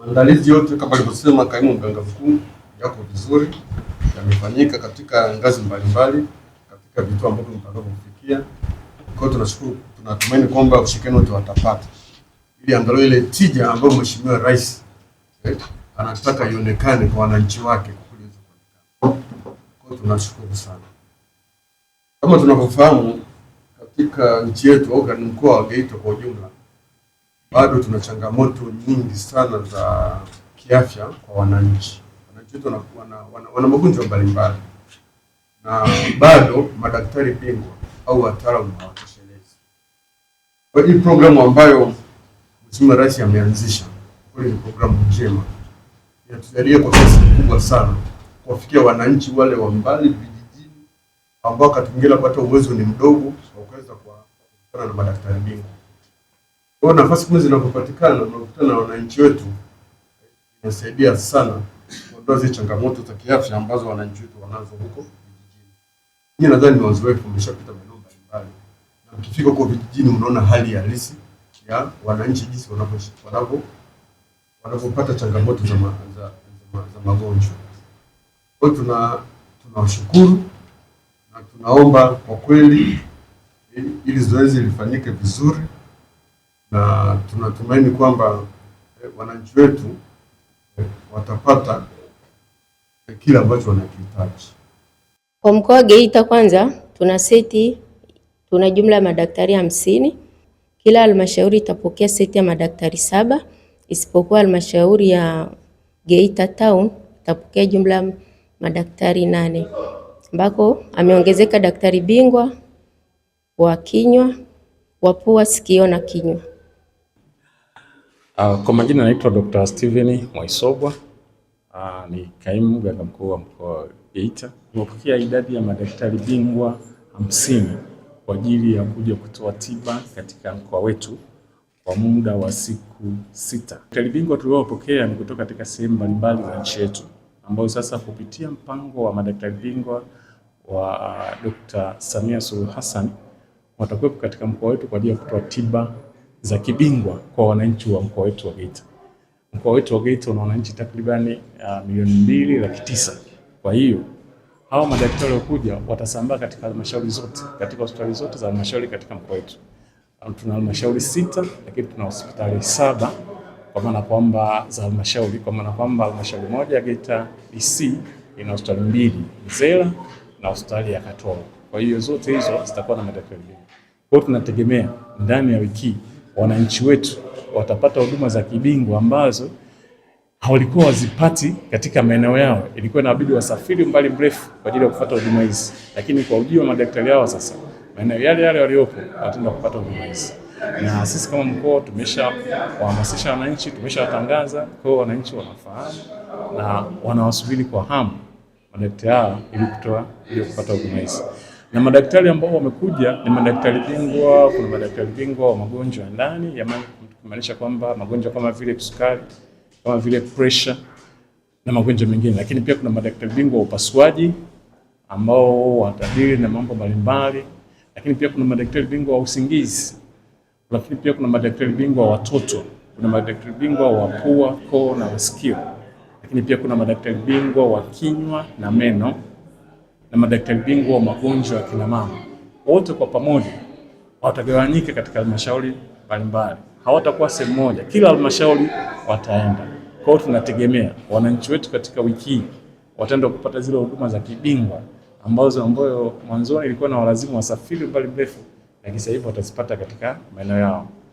Maandalizi yote kama alivyosema kaimu mganga mkuu yako vizuri, yamefanyika katika ngazi mbalimbali katika vituo ambavyo kufikia. Kwa hiyo tunashukuru, tunatumaini kwamba ushirikiano wote watapata, ili angalau ile tija ambayo Mheshimiwa Rais eh, anataka ionekane kwa wananchi wake. Kwa hiyo tunashukuru sana. Kama tunavyofahamu katika nchi yetu au mkoa wa Geita kwa ujumla bado tuna changamoto nyingi sana za kiafya kwa wananchi. Wananchi wetu wana, na wana, wana magonjwa mbalimbali na bado madaktari bingwa au wataalamu hawatoshelezi. Kwa hii programu ambayo Mheshimiwa Rais ameanzisha kweli ni programu njema, inatujalia kwa kiasi kikubwa sana kuwafikia wananchi wale wa mbali vijijini, ambao wakati mwingine hata uwezo ni mdogo wa kuweza kuwasiliana na madaktari bingwa. Kwa nafasi kumi zinapopatikana unakutana na wananchi wetu, inasaidia sana kuondoa zile changamoto za kiafya ambazo wananchi wetu wanazo huko vijijini. Mimi nadhani ni wazoefu, mmeshapita maeneo mbalimbali, na mkifika huko vijijini unaona hali halisi ya wananchi jinsi wanavyoishi, wanavyo wanapopata changamoto za, ma, za, za, za magonjwa. Kwa hiyo tuna tunawashukuru na tunaomba kwa kweli ili zoezi lifanyike vizuri na tunatumaini kwamba eh, wananchi wetu eh, watapata eh, kile ambacho wanakihitaji. Kwa mkoa wa Geita kwanza, tuna seti, tuna jumla ya madaktari hamsini. Kila halmashauri itapokea seti ya madaktari saba isipokuwa halmashauri ya Geita Town itapokea jumla ya madaktari nane ambako ameongezeka daktari bingwa wa kinywa, wa pua, sikio na kinywa. Uh, kwa majina naitwa Dr. Steven Mwaisogwa. Uh, ni kaimu mganga mkuu wa mkoa wa Geita. Tumepokea idadi ya madaktari bingwa hamsini kwa ajili ya kuja kutoa tiba katika mkoa wetu kwa muda wa siku sita. Madaktari bingwa tuliowapokea ni kutoka katika sehemu mbalimbali za nchi yetu ambayo sasa kupitia mpango wa madaktari bingwa wa ah, Dr. Samia Suluhu Hassan watakuwepo katika mkoa wetu kwa ajili ya kutoa tiba za kibingwa kwa wananchi wa mkoa wetu wa Geita. Mkoa wetu wa Geita una wananchi takribani uh, milioni mbili laki tisa. Kwa hiyo hawa madaktari wakuja watasambaa katika halmashauri zote, katika hospitali zote za halmashauri katika mkoa wetu. Tuna halmashauri sita, lakini tuna hospitali saba kwa maana kwamba za halmashauri, kwa maana kwamba halmashauri moja ya Geita DC ina hospitali mbili Zela na hospitali ya Katoro. Kwa hiyo zote hizo zitakuwa na madaktari Kwa hiyo tunategemea ndani ya wiki wananchi wetu watapata huduma za kibingwa ambazo hawalikuwa wazipati katika maeneo yao. Ilikuwa inabidi wasafiri mbali mrefu kwa ajili ya kupata huduma hizi, lakini kwa ujio wa madaktari hao sasa maeneo yale yale waliopo wataenda kupata huduma hizi, na sisi kama mkoa tumesha wahamasisha wananchi, tumeshawatangaza kwao, wananchi wanafahamu na wanawasubiri kwa hamu madaktari hao ili kutoa ili kupata huduma hizi na madaktari ambao wamekuja ni madaktari bingwa. Kuna madaktari bingwa wa magonjwa ya ndani, kumaanisha kwamba magonjwa kama vile kisukari, kama vile pressure na magonjwa mengine, lakini pia kuna madaktari bingwa wa upasuaji ambao watadili na mambo mbalimbali, lakini pia kuna madaktari bingwa wa usingizi, lakini pia kuna madaktari bingwa wa watoto, kuna madaktari bingwa wa pua, koo na masikio, lakini pia kuna madaktari bingwa wa kinywa na meno na madaktari bingwa wa magonjwa ya kina mama wote kwa pamoja watagawanyika katika halmashauri mbalimbali, hawatakuwa sehemu moja, kila halmashauri wataenda. Kwa hiyo tunategemea wananchi wetu katika wiki hii wataenda kupata zile huduma za kibingwa ambazo ambayo mwanzoni ilikuwa na walazimu wasafiri mbali mrefu, lakini sasa hivi watazipata katika maeneo yao.